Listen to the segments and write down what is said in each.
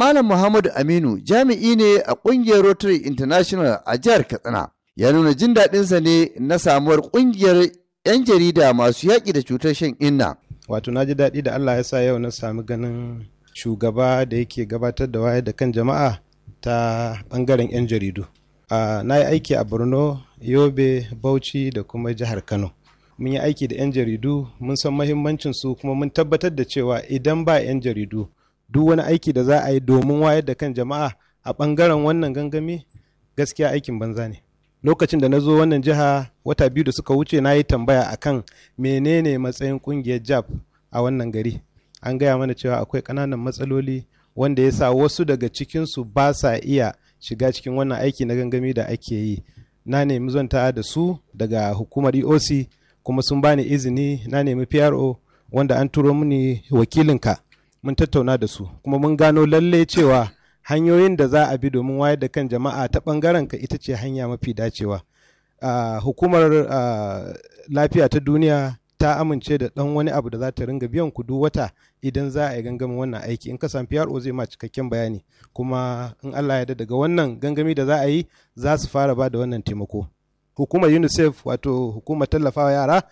Malam Muhammadu Aminu jami'i ne a ƙungiyar Rotary International a jihar Katsina. Ya nuna jin daɗinsa ne na samuwar ƙungiyar 'yan jarida masu yaƙi da cutar shan inna. Wato na ji daɗi da Allah ya sa yau na sami ganin shugaba da yake gabatar da wayar da kan jama'a ta ɓangaren 'yan jaridu. na yi aiki a Borno, Yobe, Bauchi da kuma jihar Kano. Mun yi aiki da 'yan jaridu, mun san mahimmancin su kuma mun tabbatar da cewa idan ba 'yan jaridu duk wani aiki da za a yi domin wayar da kan jama'a a bangaren wannan gangami gaskiya aikin banza ne lokacin da na zo wannan jiha wata biyu da suka wuce na yi tambaya a kan menene matsayin kungiyar jab a wannan gari an gaya mana cewa akwai ƙananan matsaloli wanda ya sa wasu daga cikinsu ba sa iya shiga cikin wannan aiki na gangami da ake yi na nemi zonta da su daga hukumar eoc kuma sun bani izini na nemi pro wanda an turo mini wakilinka mun tattauna da su kuma mun gano lalle cewa hanyoyin da za a bi domin wayar da kan jama'a ta bangaren ka ita ce hanya mafi dacewa hukumar lafiya ta duniya ta amince da dan wani abu da za ta ringa biyan kudu wata idan za a yi gangamin wannan aiki in ka san PRO zai ma cikakken bayani kuma in Allah ya daga wannan gangami da za a yi za su fara ba da wannan taimako hukumar UNICEF wato hukumar tallafawa yara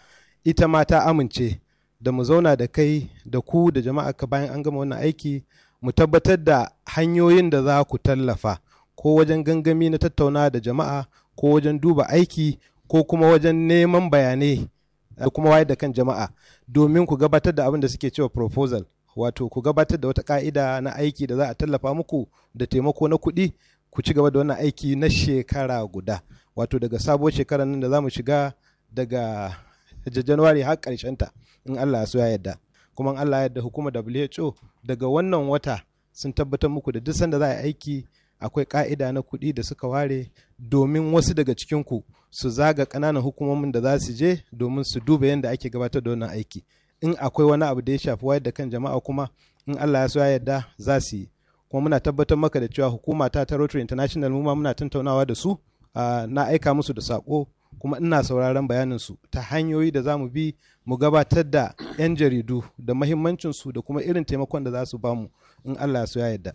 ita ma ta amince da mu zauna da kai da ku da jama'a ka bayan an gama wannan aiki mu tabbatar da hanyoyin da za ku tallafa ko wajen gangami na tattauna da jama'a ko wajen duba aiki ko kuma wajen neman bayanai da kuma wayar da kan jama'a domin ku gabatar da abin da suke cewa proposal wato ku gabatar da wata ka'ida na aiki da za a tallafa muku da taimako na kuɗi ku ci gaba da wannan aiki na shekara guda wato daga sabuwar shekarar nan da za mu shiga daga januwari har karshen ta in allah so ya yadda kuma in allah ya hukumar who daga wannan wata sun tabbatar muku da duk sanda za a aiki akwai ka'ida na kuɗi da suka ware domin wasu daga ku su zaga ƙananan hukumomin da za su je domin su duba yadda ake gabatar da wannan aiki in akwai wani abu da ya shafi wayar da kan jama'a kuma in allah ya so ya yadda za su yi kuma muna tabbatar maka da cewa hukuma ta ta Rotary International mu ma muna tattaunawa da su ah, na aika musu da sako kuma ina sauraron bayanin su ta hanyoyi da za mu bi mu gabatar da 'yan jaridu da su da kuma irin taimakon da za su bamu in Allah su ya yadda.